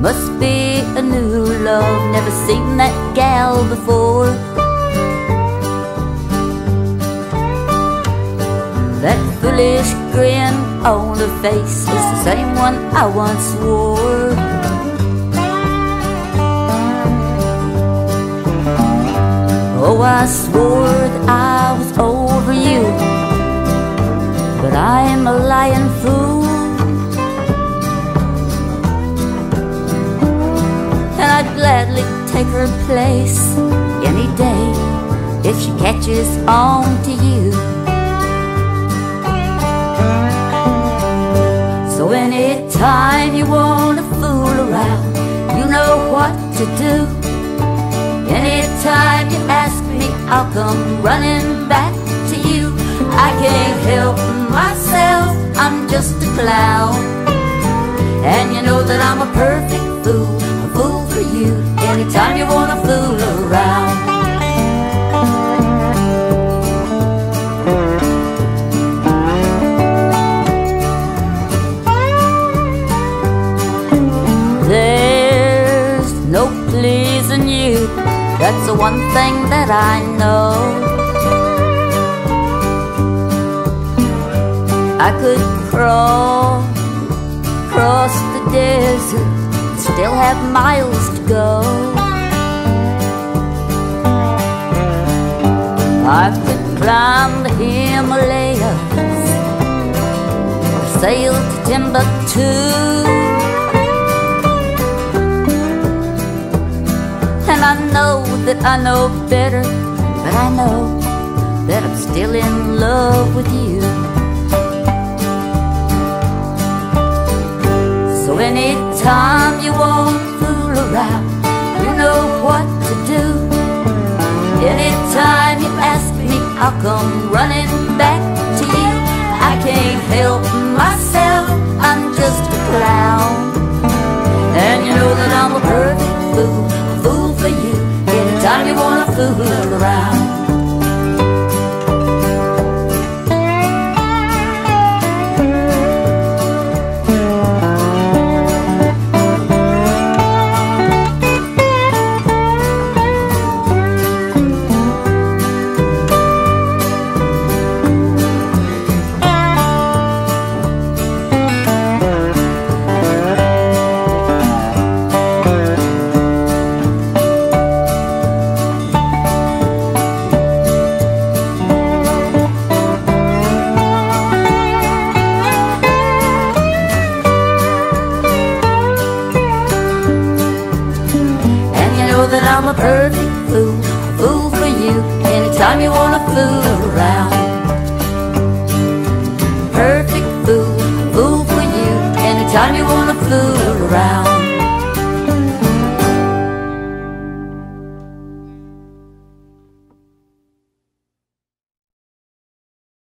Must be a new love, never seen that gal before That foolish grin on her face is the same one I once wore Oh, I swore gladly take her place any day if she catches on to you. So anytime you wanna fool around, you know what to do. Anytime you ask me, I'll come running back to you. I can't help myself, I'm just a clown. And you know that I'm a perfect fool, a fool for you anytime you wanna fool around. There's no pleasing you, that's the one thing that I know. I could crawl across the desert still have miles to go. I could climb the Himalayas or sail to Timbuktu. And I know that I know better, but I know that I'm still in love with you. time you won't fool around. You know what to do. Anytime you ask me, I'll come running back to you. I can't help myself, I'm just a clown. And you know that I'm a perfect fool. perfect fool, a fool for you. Anytime you wanna fool around.